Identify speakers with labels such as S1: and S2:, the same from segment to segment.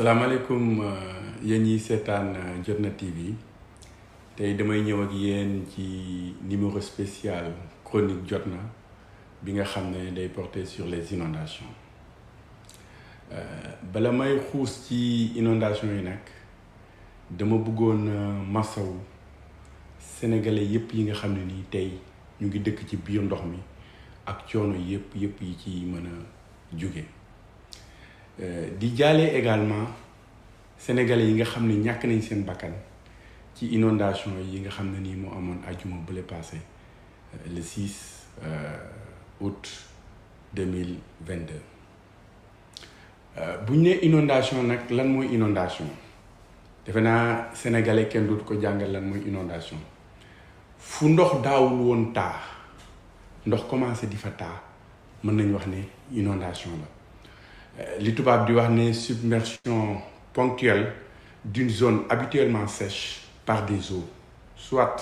S1: salaamaaleykum alaikum euh, ñi Setan euh, Jotna TV Tay damay ñew ak yeen ci numéro spécial chronique Jotna bi nga xamné day porter sur les inondations euh, bala may xuus ci inondation yi nak dama bëggone masawu sénégalais yépp yi nga xamné ni tay ñu ngi dëkk ci biir ndox mi ak coono yépp yépp yi ci mëna euh, di jaalee également sénégalais yi nga xam ne ñàkk nañ seen bakkan ci inondation yi nga xam ne nii moo amoon ajuma bële passé euh, le 6 euh, août 2022 bu ñu nee inondation nag lan mooy inondation defe naa sénégalais kenn dootu ko jàngal lan mooy inondation fu ndox daawul woon taa ndox commencé di fa taa mën nañ wax ne inondation la euh, li tubaab di wax ne submersion ponctuelle d'une zone habituellement sèche par des eaux soit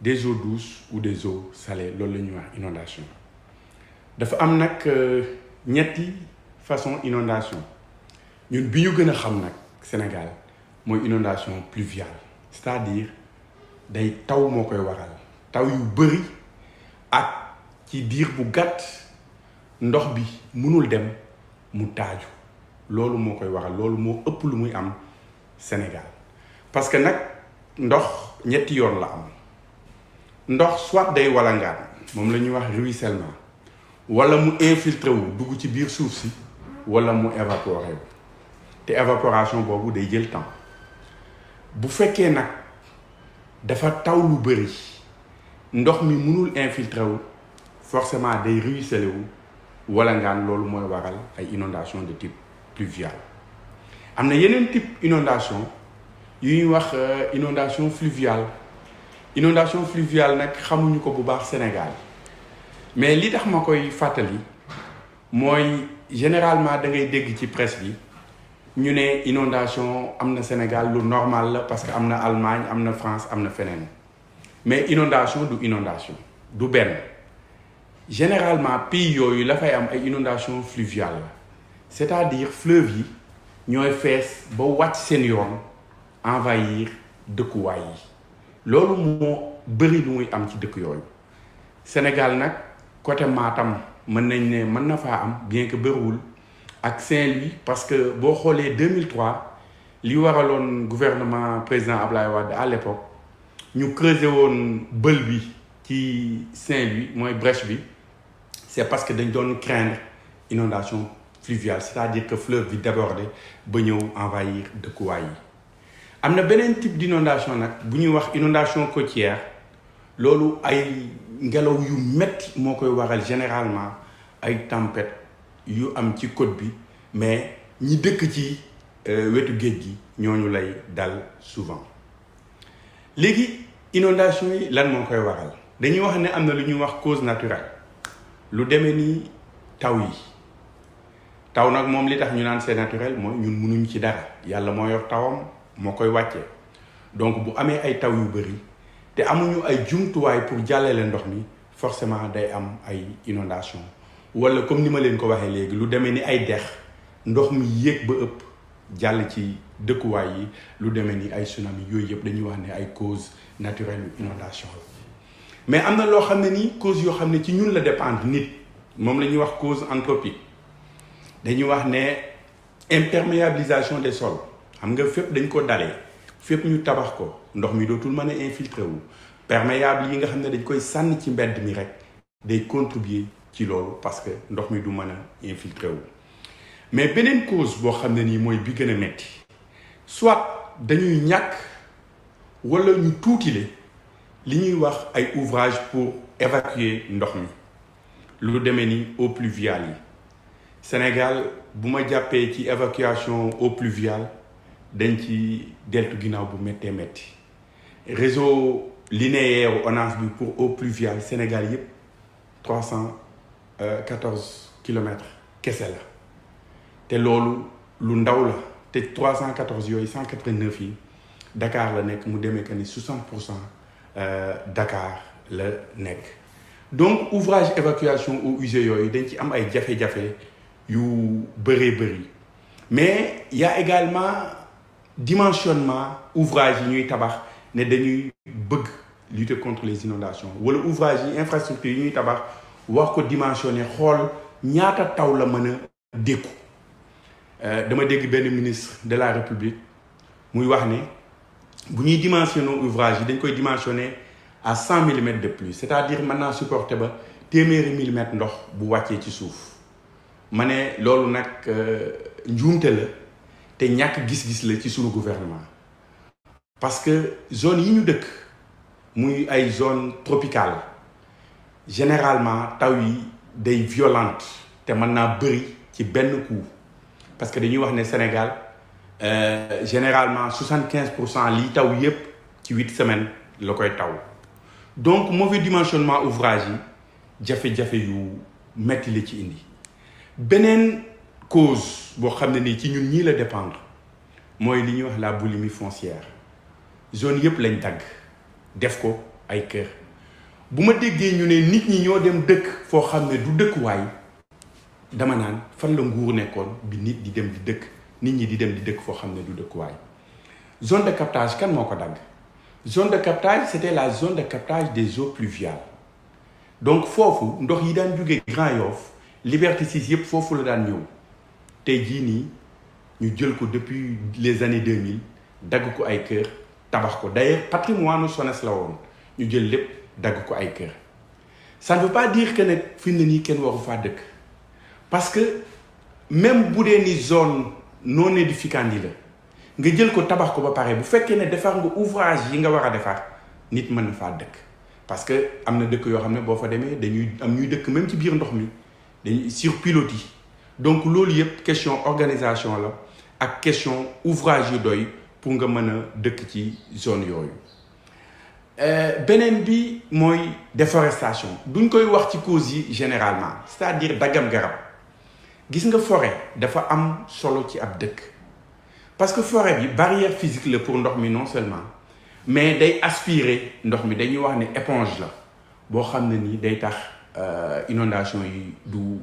S1: des eaux douces ou des eaux salées loolu la ñuy wax inondation dafa am nag euh, ñetti façon inondation ñun bi ñu gën a xam nag Sénégal mooy inondation pluviale c'est-à-dire day taw moo koy waral taw yu bëri ak ci diir bu gàtt ndox bi mënul dem mu taaju loolu moo koy c'est loolu am Sénégal parce que nag ndox ñetti yoon la am ndox soit day walangaan moom la ñuy wax ruissellement wala mu infiltré wu dugg ci biir suuf si wala mu évaporé te évaporation boobu day jël temps bu fekkee nag dafa taw lu bëri ndox mi mënul infiltré wu forcément day ruisselé wu walangaan lolu moy waral ay inondation de type pluvial amna yenen type inondation yu ñuy wax euh, inondation fluviale inondation fluviale nak xamuñu ko bu baax Sénégal mais li tax makoy fatali moy généralement da ngay dégg ci presse bi ñu ne inondation amna Sénégal lu normal la parce que amna Allemagne amna France amna fenen mais inondation du inondation du benn généralement pays yooyu la fay am ay inondation fluviale c'est-à-dire fleuve yi ñooy fees ba wàcc yoon envahir de yi lolu mo bëri lu muy am ci dëkk yooyu Sénégal nak côté Matam mën nañ né mën na fa am bien que bëriwul ak Saint-Louis parce que bo xolé 2003 li waralon gouvernement président Ablaye Wade à l'époque ñu creuser won beul bi ci Saint-Louis moy brèche bi c'est parce que dañ doon craindre inondation fluviale c'est-à-dire que fleuve bi débordé ba ñëw envahir de yi am na beneen type d'inondation nag bu wax inondation côtière loolu ay ngelaw yu met moo koy waral généralement ay tempête yu am ci côte bi mais ñi dëkk ci euh, wetu géej gi ñooñu lay dal souvent légui inondation yi lan mo koy waral dañuy wax ne amna lu ñuy wax cause naturelle lu demee ni taw yi taw nag moom li tax ñu naan c'est naturel moy ñun mënuñ ci dara yalla moo yor tawam mo koy wàccee donc bu amé ay taw yu bëri té amuñu ay jumtuwaay pour jàllale ndox mi forcément day am ay inondation wala comme ni ma leen ko waxé légui lu demee ni ay dex ndox mi yéeg ba ëpp ci dëkkuwaay yi lu demee ni ay tsunami yoy yëpp dañuy wax ay cause naturelle inondation la mais am na loo xam ne nii cause yoo xam ne ci ñun la dépendre nit moom la ñuy wax cause anthropique dañuy wax ne imperméabilisation des sols xam nga fépp dañ ko dalee fépp ñu tabax ko ndox mi dootul mën a infiltré wu perméable yi nga xam ne dañ koy sànni ci mbedd mi rek day contribuer ci loolu parce que ndox mi du mën a infiltré wu mais beneen cause boo xam ne nii mooy bi gën a metti soit dañuy ñàkk wala ñu tuutile li ñuy wax ay ouvrage pour évacuer ndox L'eau lu demee ni Sénégal bu qui évacuation au pluviales Denti, ci delta ginnaaw bu réseau linéaire ONAS bi pour eau pluviales Sénégal 314 trois cent euh, quatorze kilomètres c'est là? te loolu lu ndaw la 189 trois cent quatorze Dakar la nekk mu que soixante euh, Dakar le nec donc ouvrage évacuation ou usées yooyu dañ ci am ay déjà jafe yu bëree bëri mais il y a également dimensionnement ouvrage yi ñuy tabax ne dañuy bëgg lutter contre les inondations wala ouvrage ouvrages infrastructure yi ñuy tabax wax ko dimensionné xol ñaata taw la mëna déku euh dama dégg ben ministre de la république muy wax si nous dimensionnons l'ouvrage, nous allons dimensionné à 100 mm de plus. C'est-à-dire maintenant supporter 1000 mm d'or pour le souffle. C'est ce que nous avons fait et nous avons sous le gouvernement. Parce que les zones qui généralement, sont des zones tropicales, généralement, sont violentes. Et maintenant, bris, qui sont coup. Parce que nous sommes au Sénégal. Euh, généralement 75 pour taw huit semaines la donc mauvais dimensionnement ouvrage yi jafe yu metti la ci indi cause ci ñun la dépendre moy li wax la boulimie foncière zone yep lañ tag. def ko ay kër bu ma nit ñi dem dama naan fan la nguur nit ñi di dem di dëkk foo xam ne du zone de captage kan moo ko dagg zone de captage c'était la zone de captage des eaux pluviales donc foofu ndox yi daan jógee Grand Yoff Liberté 6 yëpp foofu la daan ñëw tey jii nii ñu jël ko depuis les années 2000 dagg ko ay kër tabax ko d'ailleurs patrimoine SONES la woon ñu jël lépp dagg ko ay kër ça ne veut pas dire que nag fi ne nii kenn waru parce que même bu dee ni zone non édifiant là nga jël ko tabax ko ba paré bu féké né défar nga ouvrage yi nga wara défar nit mëna fa dëkk parce que amna dëkk yo xamné bo fa démé dañuy am ñuy dëkk même ci biir ndox mi dañuy sur pilotis donc lool yépp question organisation la ak question ouvrage yu doy pour nga mëna dëkk ci zone yooyu euh, benen bi mooy déforestation duñ koy wax ci cause yi généralement c'est-à-dire daggam garab gis nga forêt dafa am solo ci parce que forêt bi barrière physique pour dormir non seulement mais day aspirer ndox mi dañuy wax ne éponge la boo xam euh, inondation yi du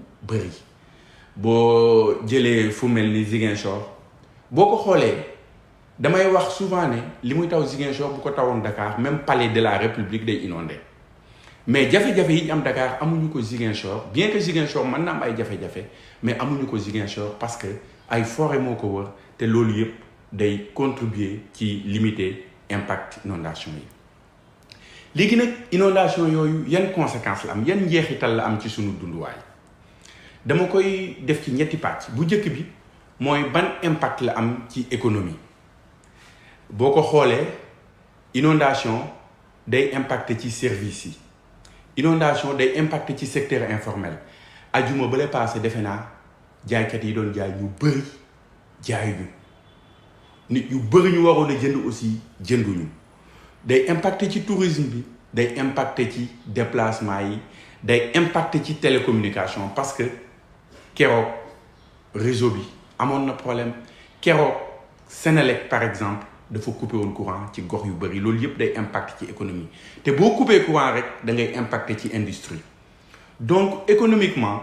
S1: fu Ziguinchor damay souvent ne li taw Dakar même palais de la République day inondé mais jafé jafé yi am Dakar amuñu ko Ziguinchor bien que Ziguinchor man na am ay jafé jafé mais amuñu ko Ziguinchor parce que ay forêt moko wër té loolu yépp day contribuer ci limiter impact inondation yi légui nak inondation yoyu yan conséquence la am yan njeexital la am ci sunu dunduwaay dama koy def ci ñetti patch bu jëk bi moy ban impact la am ci économie Boko xolé inondation day impacter ci service yi inondation day impacté ci secteur informel ajuma bale passé defe naa kat yi doon jaay ñu bëri jaayuñu nit yu bëri ñu waroon a jënd aussi ñu day impacté ci tourisme bi day impacté ci déplacement yi day impacté ci télécommunication parce que kéro réseau bi amoon na problème kéro Sénélec par exemple il faut couper le courant ci gox yu bëri loolu a day impact ci économie te boo le courant rek da un impact sur industrie donc économiquement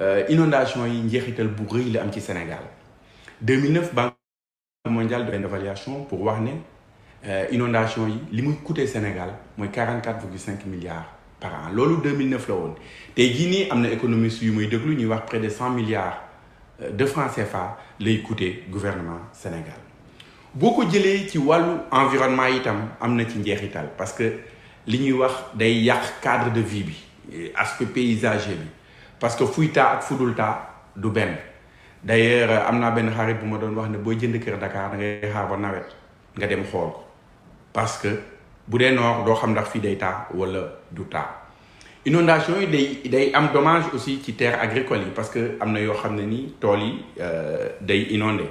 S1: euh, inondation yi une bu rëy la am ci Sénégal 2009 banque mondiale de l'évaluation pour warner l'inondation, euh, inondation yi au Sénégal 44,5 milliards par an En 2009 la Guinée a jii et am na yu muy déglu près de 100 milliards euh, de francs CFA lay coûté gouvernement Sénégal boo ko jëlee ci wàllu environnement itam am na ci njeexital parce que li ñuy wax day yàq cadre de vie bi aspect paysager bi parce que fuy ak fudulta du benn d'ailleurs am naa benn xarit bu ma doon wax ne booy jënd kër Dakar da ngay xaar ba nawet nga dem xool ko parce que bu dee noor doo xam ndax fii day taa wala du taa inondation yi day day am dommage aussi ci terre agricole yi parce que am na yoo xam ne ni tool yi euh, day inondé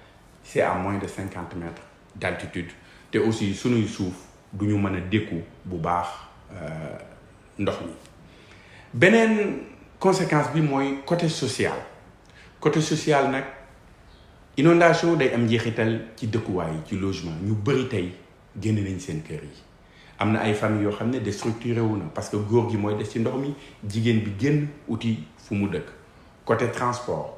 S1: c'est à moins de 50 mètres d'altitude te aussi suñuy suuf du nous mën a dékku bu baax euh, ndox mi beneen conséquence bi moy côté social côté social nak inondation day am njeexital ci dëkkuwaay ci logement ñu bëri tay génn nañ seen kër yi amna ay famille yo xamné ne déstructuré wu na parce que gor gi moy des ci ndox mi jigen bi génn outil fu mu dëkk côté transport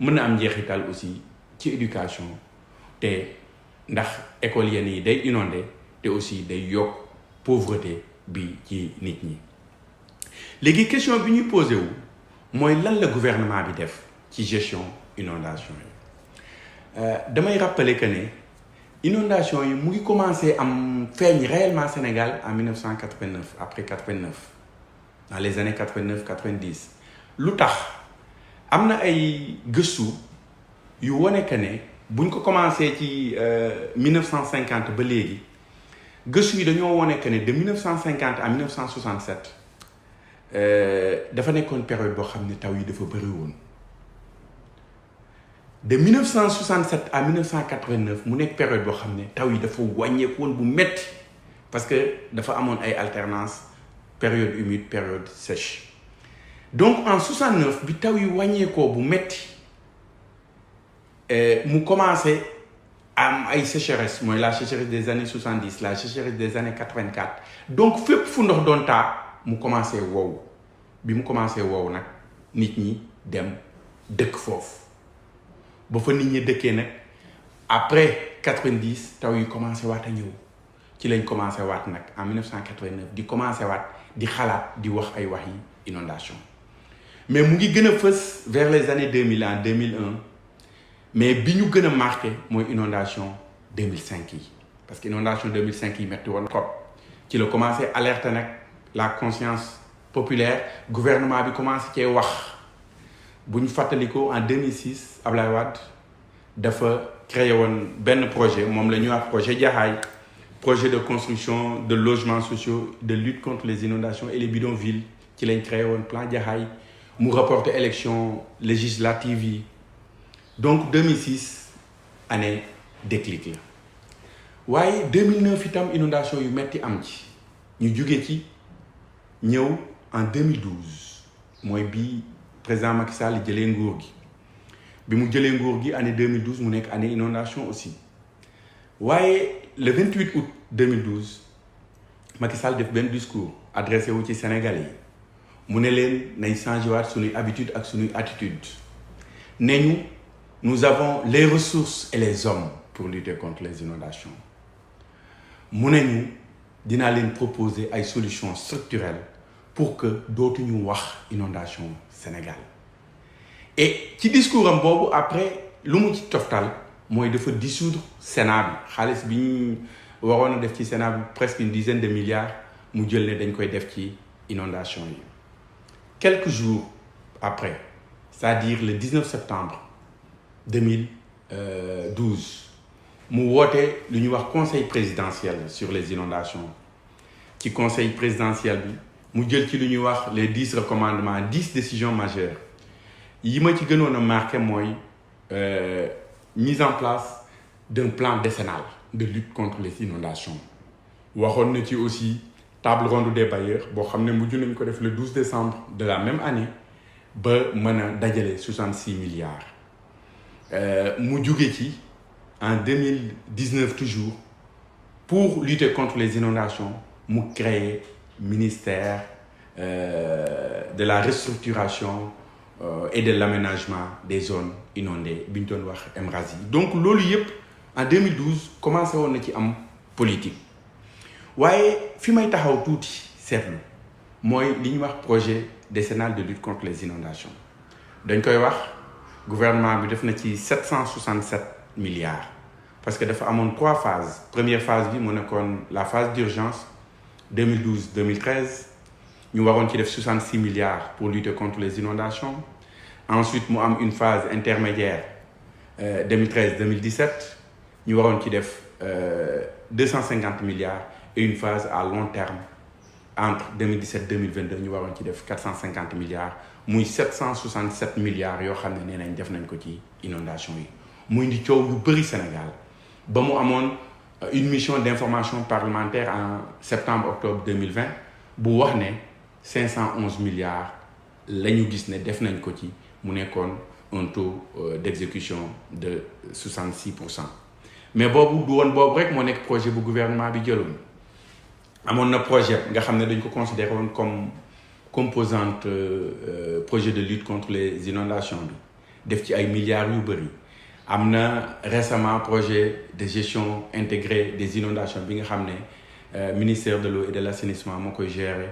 S1: mën na am aussi ci éducation te ndax école des yi day inondé te aussi day yokk pauvreté bi ci nit ñi léegi question bi ñuy posé wu mooy lan la gouvernement bi def ci gestion inondation Je euh, damay rappeler que ne inondation yi mu ngi commencé am feeñ réellement Sénégal en 1989 après 89 dans les années 89 90 lu am na ay gëstu yu wane que ne buñ ko commencé ci 1950 euh, ba léegi gëstu yi dañoo wane que ne de 1950 à 1967 euh, dafa nekkoon période boo xam ne taw yi dafa bëri woon de 1967 à 1989 mu nekk période boo xam ne taw yi dafa wàññeeku woon bu metti parce que dafa amoon ay alternance période humide période sèche donc en 69 bi y yi ko bu metti eh, mu commencé am ay sécheresse moy la sécheresse des années 70 la sécheresse des années 84 donc fépp fu ndox don ta mu commencé wow bi mu commencé wow nak nit ñi dem dëkk fof. ba fa nit ñi dekké nak après 90 taw yi commencé waat a ci lañ commencé wat nak en 1989 di commencé wat, di xalat di wax ay wax yi inondation mais nous ngi vers les années 2000 en 2001 mais que ñu marqué l'inondation inondation 2005 parce que l'inondation 2005 a metti à commencé alerter la conscience populaire le gouvernement a commencé à dire bu en 2006 à Wade a créé un projet moom projet projet de construction de logements sociaux de lutte contre les inondations et les bidonvilles qui a créé un plan mu reporté élection législative yi donc 2006 année déclic la waaye 2009 itam inondation yu metti am ci ñu jóge ci ñëw en 2012 mooy bi président Macky Sall jëlee nguur gi bi mu jëlee nguur gi année 2012 mu nekk année inondation aussi waaye le 28 août 2012 Macky Sall def benn discours adressé wu ci Sénégalais mu ne leen changé habitude attitude nous avons les ressources et les hommes pour lutter contre les inondations Nous avons dina proposer des solutions structurelles pour que dootuñu wax au Sénégal et ce discours am après lu mu ci toftal mooy dafa dissoudre Sénat Khalis bini, a def presque une dizaine de milliards mu jël ne dañ koy Quelques jours après, c'est-à-dire le 19 septembre 2012 euh, mu suis allé conseil présidentiel sur les inondations Qui conseil présidentiel bi mu jël les 10 recommandements 10 décisions majeures yi ma ci gënoon a euh, mise en place d'un plan décennal de lutte contre les inondations Je ci aussi table ronde des bailleurs le 12 décembre de la même année ba a 66 milliards euh, mu en 2019 toujours pour lutter contre les inondations mu le ministère euh, de la restructuration euh, et de l'aménagement des zones inondées donc lolu en 2012 commencé à na ci politique waaye fi may taxaw projet décennal de lutte contre les inondations dañ gouvernement a def 767 milliards parce que y a trois phases première phase c'est la phase d'urgence 2012 2013 nous avons 66 milliards pour lutter contre les inondations ensuite nous avons une phase intermédiaire 2013 2017 nous avons 250 milliards et une phase à long terme entre 2017 2022 nous avons 450 milliards moy 767 milliards yo xamné né nañ def nañ ko ci inondation yi moy ndi ciow yu Sénégal ba mu avons euh, une mission d'information parlementaire en septembre octobre 2020 bu wax né 511 milliards lañu ñu gis ne def nañ ko ci mu un taux euh, d'exécution de 66 mais boobu du woon boobu rek mo nek projet bu gouvernement bi amoon projet nga xamné comme composante euh, projet de lutte contre les inondations bi def ci ay milliards yu bëri amna récemment projet de gestion intégrée des inondations bi nga euh, ministère de l'eau et de l'assainissement à gérer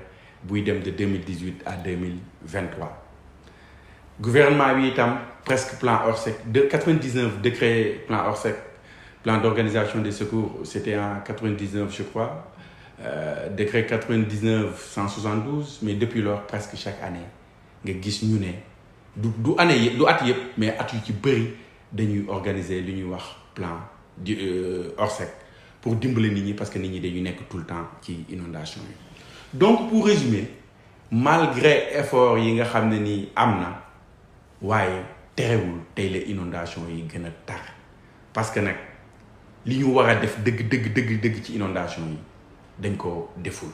S1: de 2018 à 2023 gouvernement a presque plan Orsec de 99 décret plan Orsec plan d'organisation des secours c'était en 99 je crois euh, décret 99 172 mais depuis lors presque chaque année nga gis ñu ne du du année du at mais at yu ci bëri dañuy organiser wax plan hors euh, ORSEC pour dimbler les ñi parce que nit ñi dañuy nekk tout le temps ci inondation donc pour résumer malgré effort yi nga xam ne nii am na waaye la inondation yi gëna a tar parce que nak li ñu def deug deug deug ci inondation yi dañ ko deful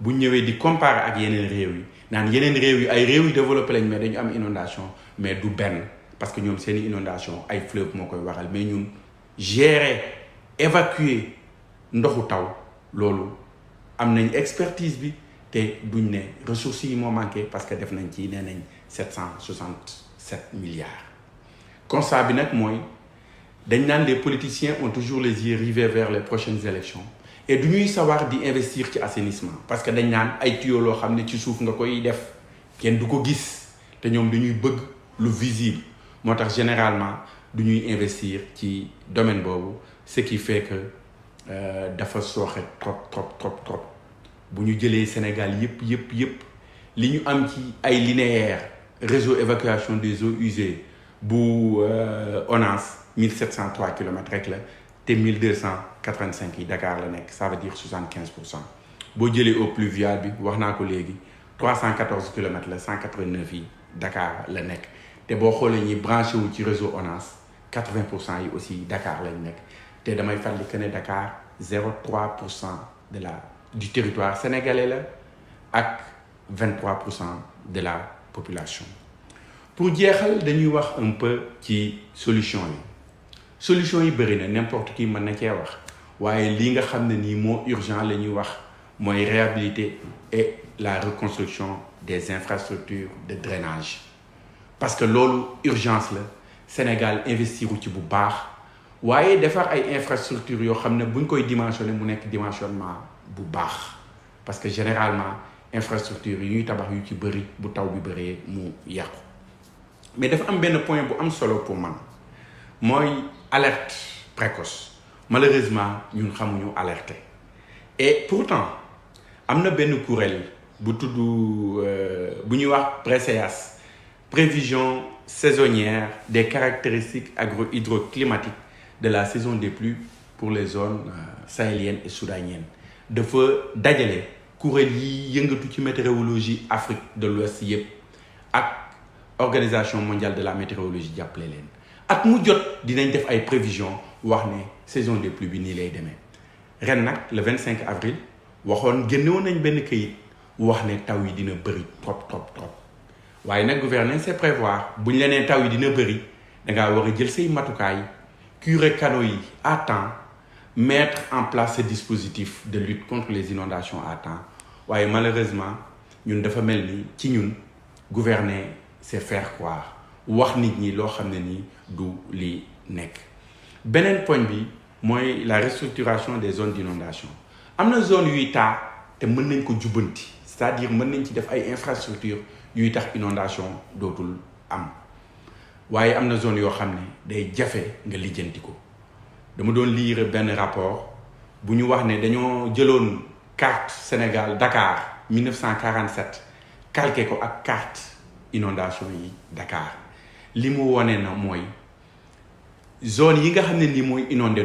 S1: bu ñëwee di comparer ak yeneen réew yi naan yeneen mais dañu am inondation mais parce que inondation ay fleuve koy waral mais ñun gérer évacuer ndoxu taw loolu expertise bi ressources parce que def nañ milliards bi les politiciens ont toujours les yeux rivés vers les prochaines élections et du ñuy sawar di investir ci assainissement parce que dañ naan ay tuyaux loo xam ne ci suuf nga koy def kenn du ko gis te ñoom dañuy bëgg lu visible moo tax généralement du ñuy investir ci domaine boobu ce qui fait que euh, dafa sooxe trop trop trop trop bu ñu jëlee Sénégal yëpp yëpp yëpp li ñu am ci ay linéaires réseau évacuation des eaux usées bu euh, ONAS 1703 kilomètres rek la 1285 Dakar ça veut dire 75 bo cent au pluvial bi 314 km, 189 yi Dakar la si té bo xolé ñi réseau 80 aussi Dakar la damay Dakar 0,3 de la du territoire sénégalais et 23 de la population pour que dañuy wax un peu ci solution solution yi bëri na n'importe qui mën na cee wax waaye li nga xam ne nii moo urgent la ñuy wax mooy réhabiliter et la reconstruction des infrastructures de drainage parce que loolu urgence la Sénégal investir ci bu baax waaye defar ay infrastructures yoo xam ne buñ koy dimensionner mu nekk dimensionnement bu baax parce que généralement infrastructure yi ñuy tabax yu ci bëri bu taw bi bëree mu yàqu mais dafa am benn point bu am solo pour man mooy alerte précoce malheureusement ñun pas alertés. et pourtant il y benn kuréel bu euh, prévisions prévision saisonnière des caractéristiques agro-hydroclimatiques de la saison des pluies pour les zones euh, sahéliennes et soudaniennes de dajale courriel yi yëngatu météorologie Afrique de l'Ouest et organisation mondiale de la météorologie de at mu jot dinañ def ay prévisions wax saison des pluies lay le 25 avril waxoon benn wax taw yi dina prévoir taw yi dina yi mettre en place dispositif de lutte contre les inondations à temps malheureusement ñun dafa mel ci ñun gouverner faire croire wax nit ñi loo xam ne nii du li nekk beneen point bi mooy la restructuration des zones d'inondation am na zone yuy taa te mën nañ ko jubbanti c'est-à-dire mën nañ ci def ay infrastructures yuy tax inondation dootul am waaye am na zone yoo xam ne day jafe nga lijjanti ko dama doon lire benn rapport bu ñu wax ne dañoo jëloon carte Sénégal Dakar 1947 calqué ko ak carte inondation yi Dakar li mu na mooy zone yi nga xam ne nii mooy inondé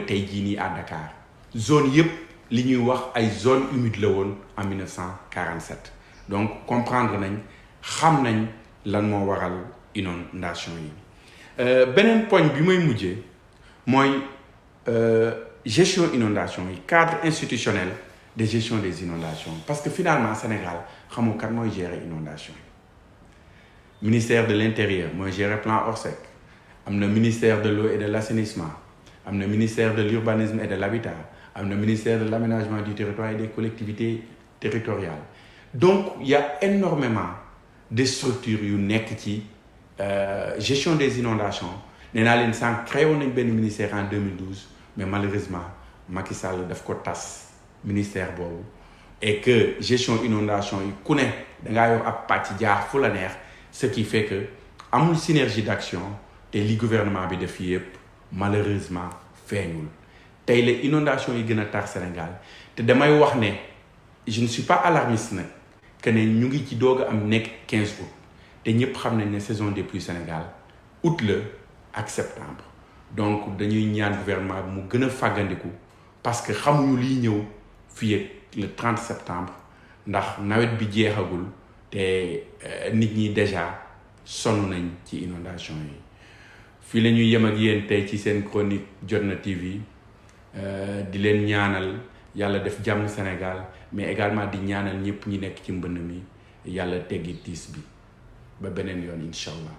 S1: à Dakar zone yëpp li ñuy wax ay zone humide en 1947 donc comprendre nañ xam nañ lan moo waral inondation yi euh, beneen poñ bi may mujjee mooy euh, gestion inondation le cadre institutionnel de gestion des inondations parce que finalement Sénégal xamul kan mooy gérer inondation ministère de l'intérieur moi le plan Orsec am le ministère de l'eau et de l'assainissement am le ministère de l'urbanisme et de l'habitat am le ministère de l'aménagement du territoire et des collectivités territoriales donc il y a énormément de structures qui sont ci euh, gestion des inondations Nous avons créé un ministère en 2012 mais malheureusement Macky Sall daf ko ministère beau, et que gestion inondation inondations, il connaît, il a fait pàcc jaar la ce qui fait que amul synergie d'action et le gouvernement bi def malheureusement feeñul tay la inondation yi gëna a tar Sénégal té damay wax né je ne suis pas alarmiste nag que ne ñu ngi ci doga am nek 15 août té ñëpp xam nañ saison des pluies Sénégal août le, ak septembre donc dañuy ñaan gouvernement bi mu gëna a parce que xamuñu li ñëw fii le 30 septembre ndax nawet bi jéxagul te eh, nit ñi déjà sonn nañ ci inondation yi fii lañuy ñuy yem ak yéen tey ci seen chronique Jotna TV eh, di leen ñaanal yàlla def jàmm Sénégal mais également di ñaanal ñëpp ñi nekk ci mbënn mi yàlla teggi tiis bi ba beneen yoon incha allah